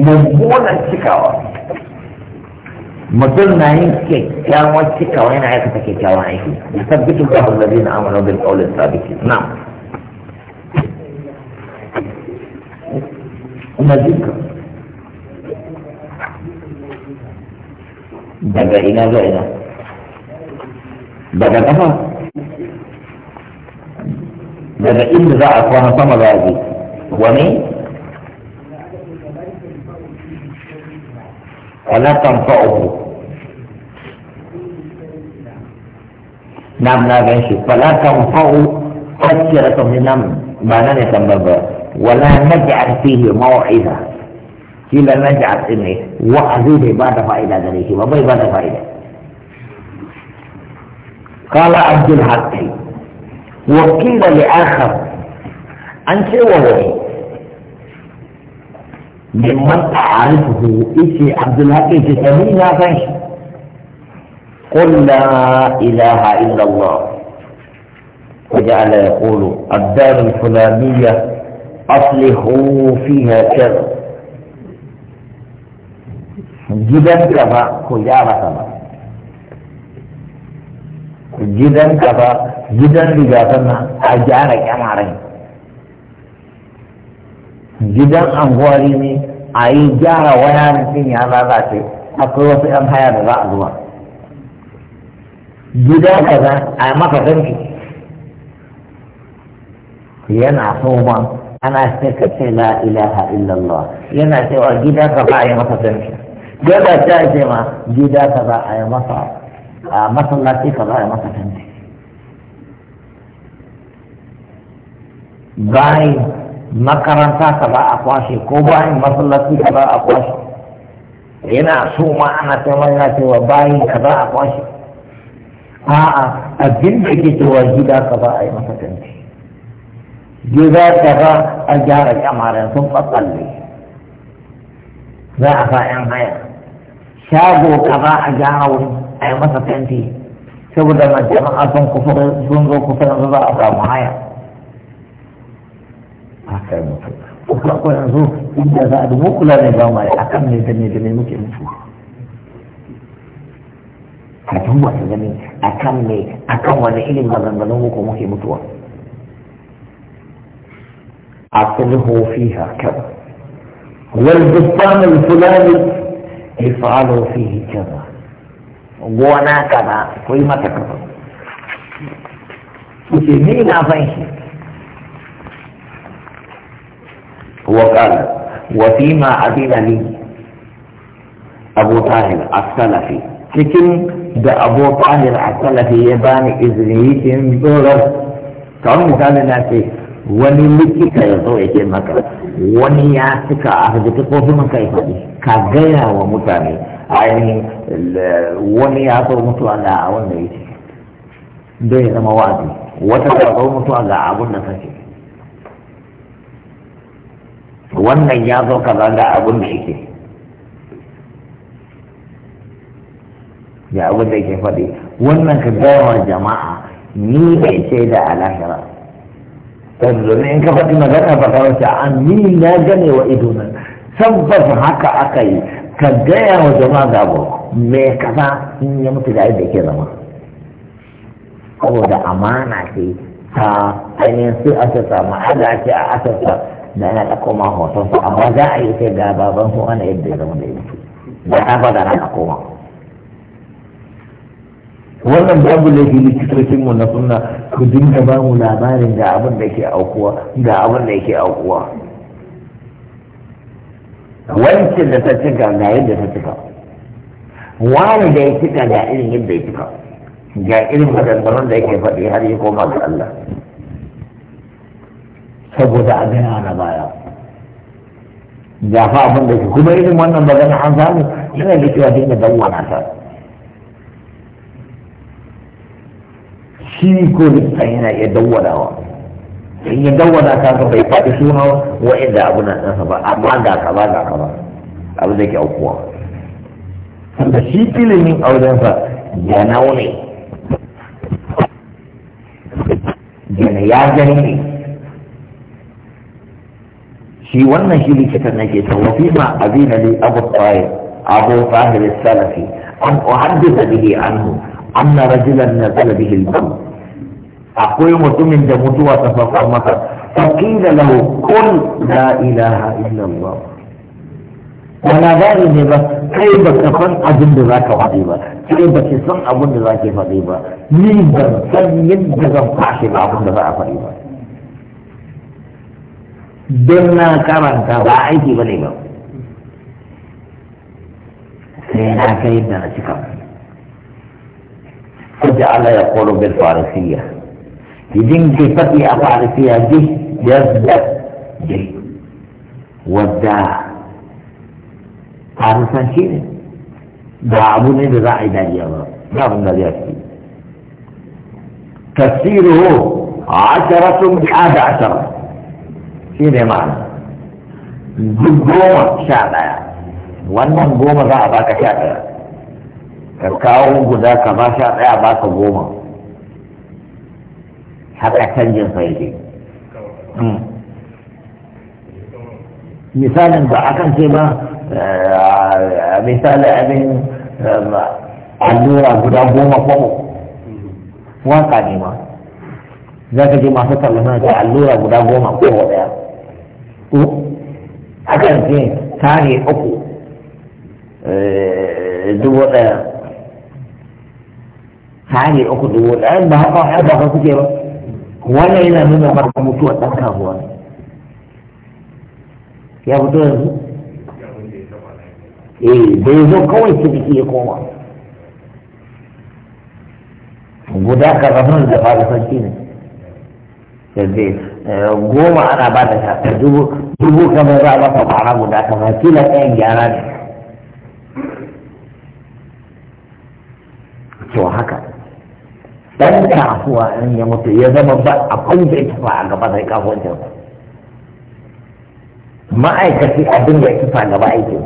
mummunan cikawa mutum na yin kyakkyawan cikawa yana aikata kyakkyawan aiki da tabbitin da hulari na amana bin ƙaunin sabiki na ina jinka daga ina zuwa ina daga kafa daga inda za a kwana sama za a je wani ولا تنفعه نعم لا نعم، غنشي نعم، فلا تنفع تذكرة من نعم ما نتنبه ولا نجعل فيه موعظة كلا نجعل إنه وعزيه بعد فائدة ذلك وبي بعد فائدة قال عبد الحق وقيل لآخر أنت وهو لمن اعرفه اسي عبد الهادي تسالينا فاش قل لا اله الا الله وجعل يقول الدار الفلانيه اصلحوا فيها كذا جدًا كفا خيارة كفا جدًا كفا جدًا لجاتنا أجارك أمارين gidan anguwari ne a yi gyara da cin ya lalace akwai wasu yan haya da za a zuwa gida kaza a maka ganki yana ma ana sai ka ce la ilaha illallah yana cewa gida kaza a yi maka ganki gaba ta ce ma gida kaza a yi masa a masallaci kaza a yi masa ganki bayan makaranta ka ba a kwashe ko bayan masallaci ka ba a kwashe yana so ma ana taimaka yana cewa bayan ka za a kwashe a'a abin da ke cewa gida ka ba a yi masa tanti gida ka ba a gyara kyamaren sun ɓaɓɓalle za a sa 'yan haya shago ka ba a gyara wani a yi masa tanti saboda na jama'a sun kusa sun zo kusa yanzu za a samu haya kai mutu ko ko yanzu inda za a dubo kula ne ba mai akan ne da ne da ne muke mutu a ba wasu gani kan ne kan wani irin maganganun ko muke mutuwa عقله فيها كذا والبستان الفلاني يفعله فيه كذا وانا كذا قيمة كذا وشي مين عفايشي وقال وفيما عدل لي أبو طاهر السلفي لكن ده أبو طاهر السلفي يبان إذنيتين دولار كم مثال ناسي wani likita ya zo ya ce maka wani ya cika a asibiti ko kuma kai faɗi ka gaya wa mutane wani ya zo mutuwa ga wanda ya ce don ya zama wa'azi wata abun da wannan ya zo kaza ga abin da yake ga abin da yake faɗi wannan ka gaya jama'a ni bai ce da alahira ɗan ne in ka faɗi magana ba ta wace an ni na gane wa ido nan tabbas haka aka yi ka gaya wa jama'a abu me kaza in ya mutu da yadda ke zama saboda amana ce ta ainihin sai a ta samu a ce a asasa da ana ɗauko ma hoton sa amma za a yi ce ga baban su ana yadda ya zama da ya mutu da ta faɗa na ɗauko ma wannan babu laifi likitocin mu na sunna ku dinga ba mu labarin ga abin da ke aukuwa ga abin da ke aukuwa wancan da ta cika ga yadda ta cika wani da ya cika ga irin yadda ya cika ga irin maganganun da yake faɗi har yi koma ga Allah saboda a gina na baya gafa abin da ke kuma irin wannan magana an samu yana da cewa dinga dawwana ta shi ko lissan yana iya dawwanawa in ya dawwana ta ka bai faɗi suna wa'inda abin nan ɗansa ba amma ga ka ba ga ka ba abin da ke aukuwa sanda shi ilimin aurensa janau ne jana ya gani ne shi wannan shi ne kitan nake ta wafi ma azina li abu tsaye abu tsahir salafi an da bihi anhu anna rajulan nazala bihi al-maut akwai mutumin da mutuwa ta fafa masa فقيل lahu kun la ilaha إلا الله wala bari ne ba kai ba ka san abin da za ka faɗi ba kai ba ka san abin da za ki faɗi ba ni ban san yadda zan fashe ba abin da za a faɗi ba don na karanta ba aiki ba ne ba sai na kai yadda na cika kuja Allah ya koro bil farisiya idin ke faɗi a farisiya ji yadda ji wadda farisanci ne ba abu ne da za a yi dariya ba ba abin dariya ce tafsiru عشرة بعد عشرة shi ne ma'ana duk goma sha ɗaya wannan goma za a baka sha ɗaya ka kawo guda ka ba sha ɗaya ba ka goma haka canjin sa hmm. misalin ba akan ce ba eh, misali abin eh, allura guda goma kwamo waka ne ma za ka je masu tallama da allura guda goma ko daya ko akan ce tare uku dubu ɗaya tare uku dubu ɗaya ba haka wani ba ka kuke ba wannan yana nuna farko mutuwar ɗan kafuwa ya fito yanzu eh bai zo kawai ciniki ya koma guda karfafin da fara sarki ne goma ana ba da shafa dubu dubu kamar za a masa fara guda kamar kila ɗayan gyara ne cewa haka dan kasuwa in ya mutu ya zama ba a kwanta ita a gaba sai kasuwancin ma'aikaci abin da ita a gaba aikin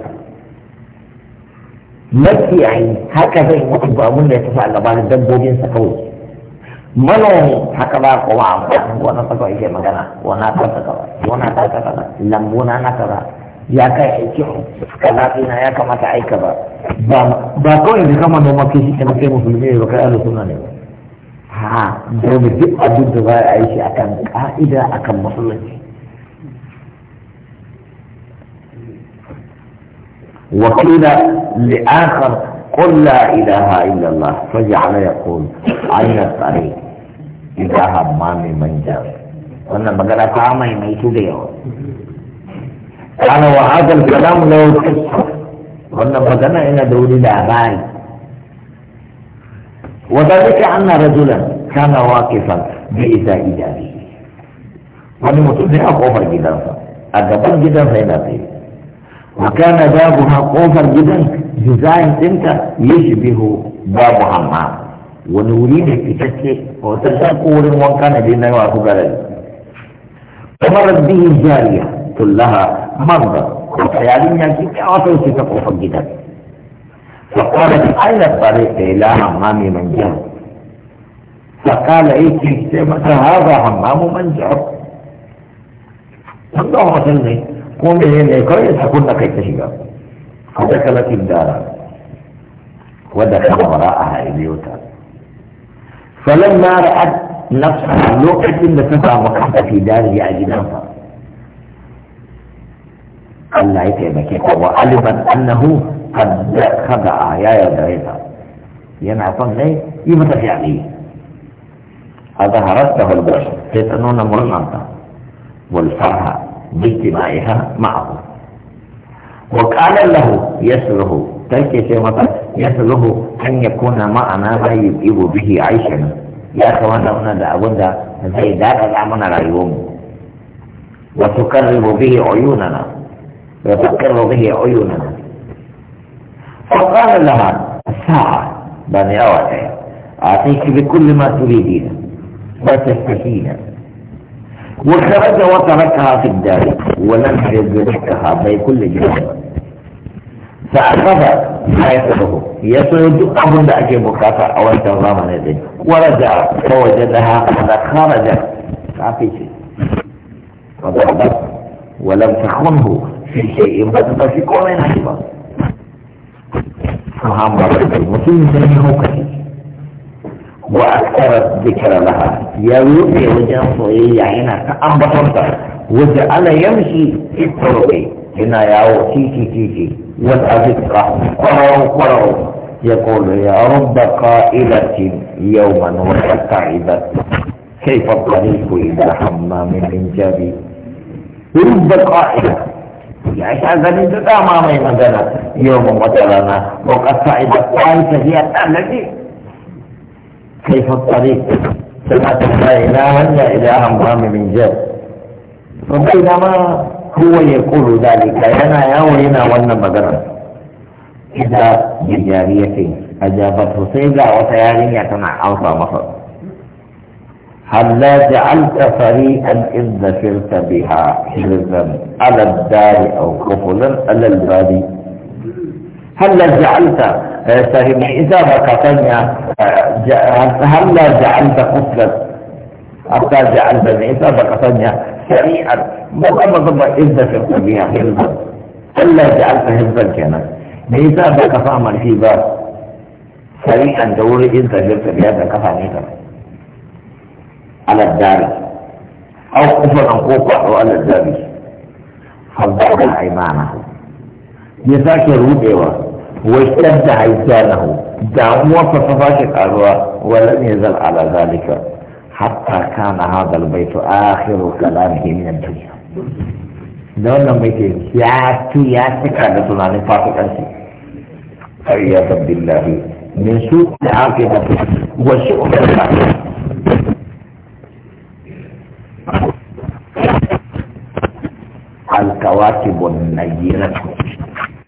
makiyayi haka zai mutu ba mun da ita fa a gaba dabbobinsa kawai manomi haka oh, ba ba ko na saka yake magana wannan kasa ko na kasa kaza lambu na kaza ya kai aiki suka na ya kamata aika ba ba kawai da kama noma ke shi kenan kai musulmi ne ba kai alu suna ne ba ha dole duk abin da za a yi shi akan ka'ida akan musulunci wakila li'akhar قل لا إله إلا الله فجعل يقول عين الطريق إذا مامي من جاء وانا بقرا كامي ما يتوليه أنا وهذا الكلام لا يتحس وانا بقنا إنا دولي لاباي وذلك أن رجلا كان واقفا بإزاء إداري وانا متوليه أقوم جدا فأنا بقى جدا فإذا فيه وكان بابها قوفر جدا ديزاين ɗinta yashbihu babu hamma wani wuri ne fitacce wata san ko wurin wanka na dai na masu garari kamar bihi jariya tullaha marda ko ta yarinya ki ta فقالت أين الطريق إلى حمام منجر فقال إيه كيف هذا حمام منجر الله مثلني كون هي نيكاي تكون كاي تشيغا حتى كلا ودخل وراءها اليوتا فلما رأت نفسها لوحد من نفسها وقعت في دارها اجنافا قال لا يتعبك إيه، وعلم انه قد خدع يا يا دريتا ينعطى طن لي يمتى في عليه اظهرته البشر تتنون إيه، مرنطا والفرحه باجتماعها معه وقال له يسره تلك شيء مثلا يسره أن يكون معنا ما يجيب به عيشنا يا أخوانا هنا دا أبونا زي دار الأمن العيوم وتقرب به عيوننا وتقر به عيوننا فقال لها ساعة بني أوعي أعطيك بكل ما تريدين وتستحيين وخرج وتركها في الدار ولم يدركها بكل جهة فأخذ ما يطلبه يطلب أبو ذاك مكافأة أو أنت الرامن يدي ورجع فوجدها قد خرجت في شيء ولم تخنه في شيء بس في كل نحبه فهم رجل مسلم سنه وأكثر الذكر لها يروي وجه صوية هنا يعني أنبطرت وجعل يمشي في الطرق هنا ياو تي تي تي تي والأذكر قرروا قرروا يقول يا رب قائلة يوما وقد تعبت كيف الطريق إلى حمام الإنجاب رب قائلة يعني من ليس ما يمدنا يوم وترانا وقد تعبت طائفة هي التي كيف الطريق سمعت لا إله إلا إله مرام من جد فبينما هو يقول ذلك أنا يا وينا وانا مدرس إذا بجاريتي أجابته سيدة وسيارية تنع أوصى مصر هل لا جعلت فريئا إذ ذكرت بها حرزا على الدار أو كفلا على البادي هل لا جعلت فهم إذا مقتلنا آه، هل جعلت قتلا حتى جعلت إذا مقتلنا سريعا مضم ضم إذا في القبيع حفظا هلا جعلت حفظا كنا إذا بقى فأمر في باب سريعا دور إذا في القبيع كفى ميتا على الدار أو كفرا قوقع على الدار فضعنا أيمانه روبي وقت واشتد عيسانه دعوة فصفاش قالوا ولم يزل على ذلك حتى كان هذا البيت آخر كلامه من الدنيا دون نعم، بيت نعم، نعم. يا يا سكانة عن فاتك عياذا بالله من سوء العاقبة وسوء العاقبة الكواكب النيرة